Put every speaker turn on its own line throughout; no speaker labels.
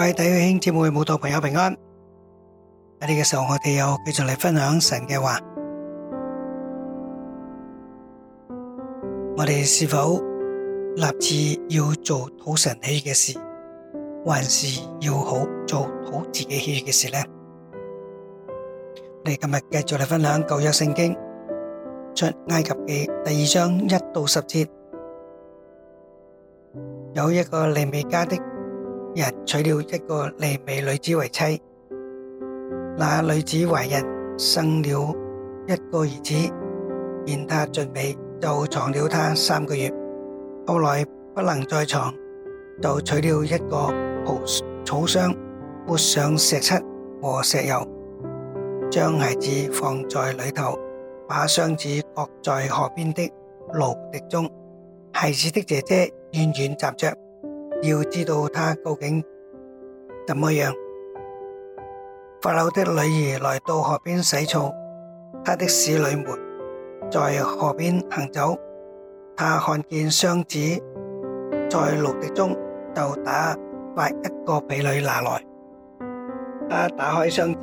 各位弟兄姊妹，慕道朋友平安。喺呢個時候，我哋又繼續嚟分享神嘅話。我哋是否立志要做討神喜悅嘅事，還是要好做好自己喜悅嘅事呢？我哋今日繼續嚟分享舊約聖經出埃及記第二章一到十節，有一個利未家的。人娶了一個利未女子為妻，那女子懷孕，生了一個兒子，見他俊美，就藏了他三個月，後來不能再藏，就取了一個蒲草箱，抹上石漆和石油，將孩子放在裏頭，把箱子擱在河邊的蘆荻中，孩子的姐姐遠遠站着。要知道他究竟怎麼樣。法老的女兒來到河邊洗澡，他的侍女們在河邊行走。他看見箱子在蘆荻中，就打發一個婢女拿來。他打開箱子，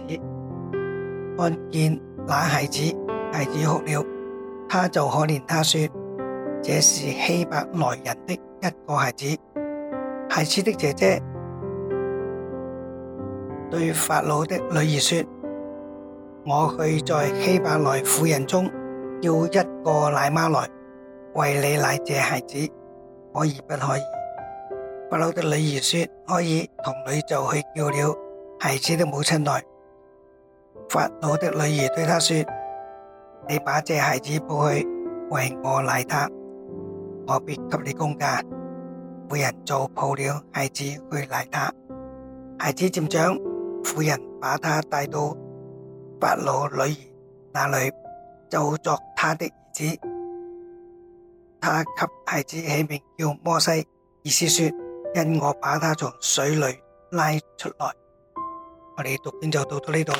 看見那孩子，孩子哭了，他就可憐他說：這是希伯來人的一個孩子。孩子的姐姐對法老的女兒說：我去在希伯來婦人中叫一個奶媽來，為你奶這孩子，可以不可以？法老的女兒說：可以，童女就去叫了孩子的母親來。法老的女兒對她說：你把這孩子抱去，為我奶他，我必給你工價。婦人做抱了孩子去奶他。孩子漸長，婦人把他帶到法老女兒那裏，就作他的兒子。他給孩子起名叫摩西，意思說因我把他從水裏拉出來。我哋讀經就到咗呢度。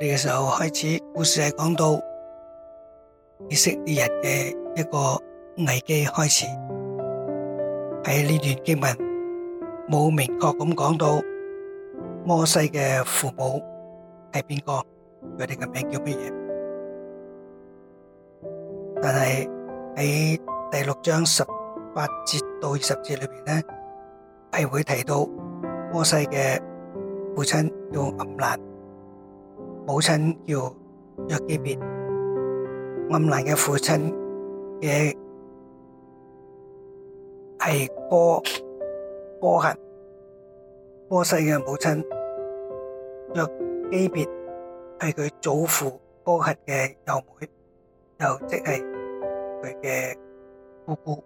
呢個時候開始，故事係講到以色列人嘅一個。危機開始，喺呢段經文冇明確咁講到摩西嘅父母係邊個，佢哋嘅名叫乜嘢？但係喺第六章十八節到二十節裏邊呢係會提到摩西嘅父親叫暗蘭，母親叫約基別。暗蘭嘅父親嘅。係哥哥衡哥世嘅母親，若姬別係佢祖父哥衡嘅幼妹，又即係佢嘅姑姑。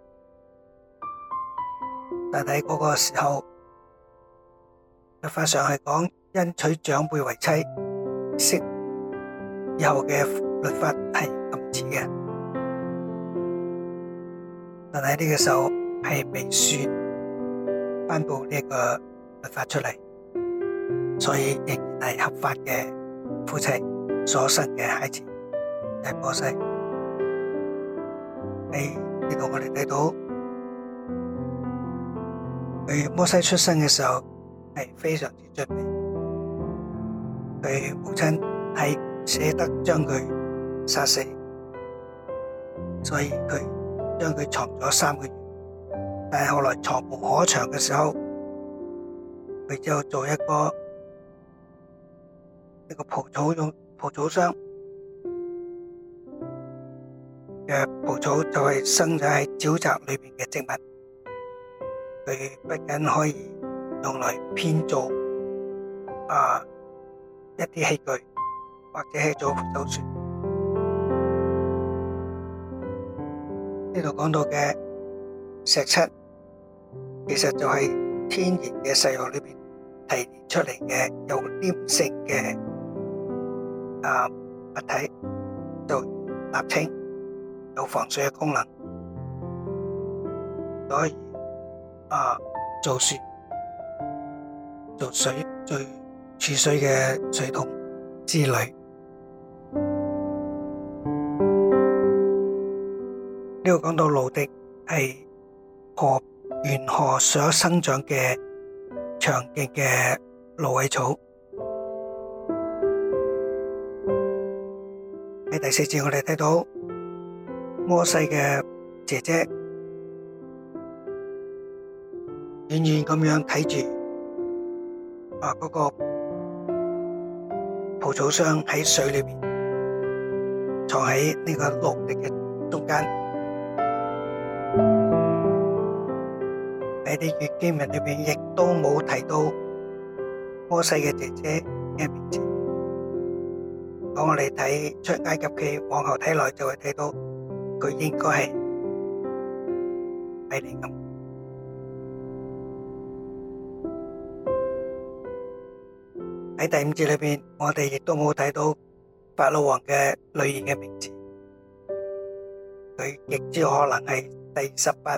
但係嗰個時候，律法上係講因娶長輩為妻，媳幼嘅律法係禁止嘅。但係呢個時候。係被宣頒布呢一個律法出嚟，所以仍然係合法嘅夫妻所生嘅孩子係摩西。你你同我哋睇到，佢摩西出生嘅時候係非常之俊美，佢母親係唔捨得將佢殺死，所以佢將佢藏咗三個月。但係後來藏無可藏嘅時候，佢就做一個呢個蒲草用蒲草箱。嘅蒲草就係生長喺沼澤裏邊嘅植物，佢不僅可以用來編造啊一啲器具，或者做手術。呢度講到嘅石漆。其實就係天然嘅細路裏邊提煉出嚟嘅有黏性嘅啊物體，就立清有防水嘅功能，所以啊做雪做水做儲水嘅水桶之類。呢個講到露滴係河。沿河所生長嘅長莖嘅蘆葦草。喺第四節，我哋睇到摩西嘅姐姐遠遠咁樣睇住啊嗰個蒲草箱喺水裏面藏喺呢個落嚟嘅中間。喺啲《約基命》裏邊，亦都冇提到摩西嘅姐姐嘅名字。當我哋睇出埃及記往後睇落，就會睇到佢應該係米利暗。喺第五節裏邊，我哋亦都冇睇到法老王嘅女兒嘅名字，佢極之可能係第十八。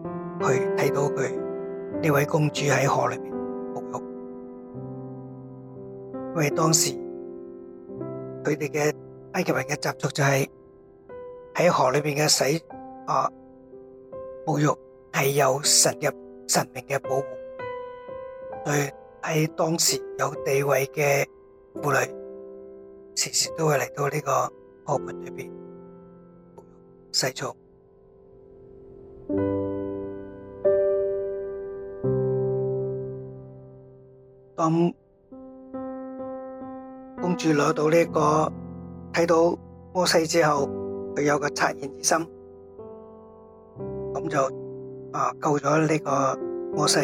去睇到佢呢位公主喺河裏邊沐浴，因為當時佢哋嘅埃及人嘅習俗就係、是、喺河裏面嘅洗啊沐浴係有神入神明嘅保護，所以喺當時有地位嘅婦女時時都會嚟到呢個河畔裏面沐浴洗澡。咁公主攞到呢個睇到摩西之後，佢有個惻隱之心，咁就啊救咗呢個摩西。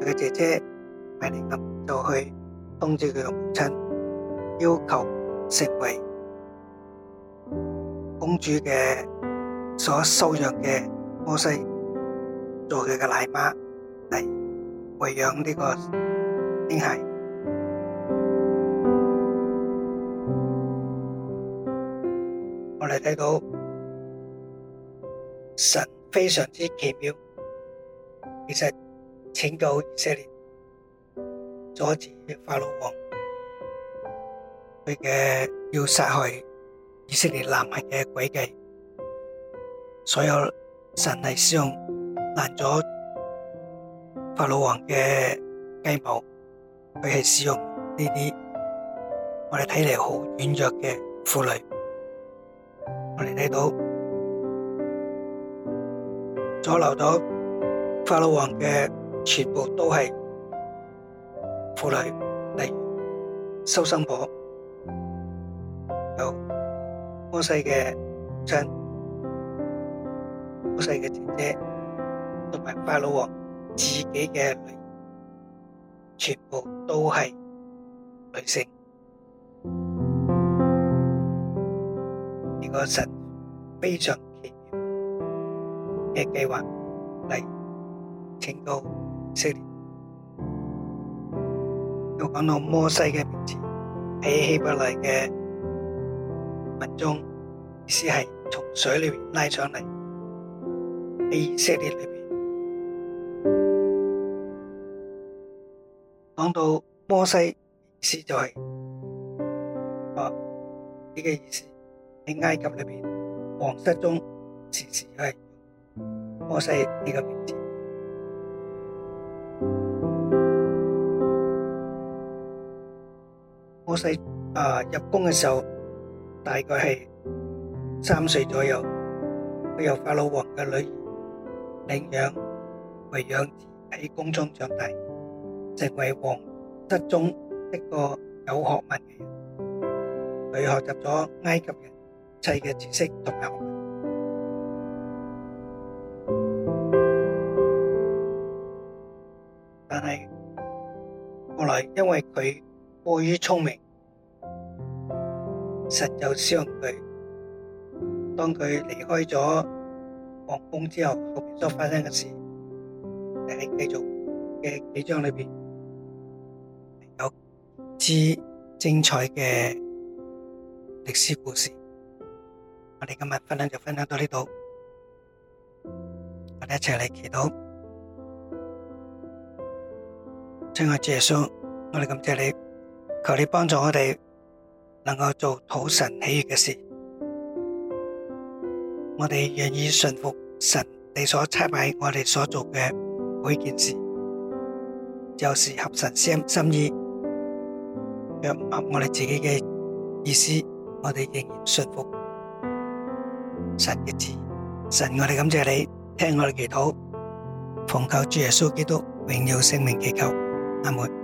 佢嘅姐姐咪啲咁就去通知佢嘅母親，要求成為公主嘅所收養嘅摩西，做佢嘅奶媽嚟餵養呢個。我哋睇到神非常之奇妙，其實拯救以色列，阻止法老王佢嘅要殺害以色列男孩嘅詭計，所有神係使用攔咗法老王嘅計謀。佢係使用呢啲我哋睇嚟好軟弱嘅婦女，我哋睇到阻留咗法老王嘅全部都係婦女，例如收生婆，有摩西嘅母親，摩西嘅姐姐，同埋法老王自己嘅女。全部都係女性，呢個神非常奇妙嘅計劃嚟，拯救以色列。我講到摩西嘅名字喺希伯來嘅文中意思係從水裏面拉上嚟喺以色列。講到摩西，意思就係啊，呢個意思喺埃及裏面，皇室中時時都係用摩西呢個名字。摩西啊，入宮嘅時候，大概係三歲左右，佢由法老王嘅女兒領養為養子，喺宮中長大。成為王室中一個有學問嘅人，佢學習咗埃及人一切嘅知識同埋學問，但係後來因為佢過於聰明，神就傷佢。當佢離開咗皇宮之後，後面所發生嘅事，就係繼續嘅幾章裏面。知精彩嘅歷史故事，我哋今日分享就分享到呢度。我哋一齊嚟祈禱，親愛的耶穌，我哋感謝你，求你幫助我哋能夠做討神喜悦嘅事。我哋願意順服神，你所差派我哋所做嘅每件事，就是合神心意。若唔合我哋自己嘅意思，我哋仍然信服神嘅字。神，神我哋感謝你聽我哋祈禱，奉靠主耶穌基督榮耀聖名祈求。阿門。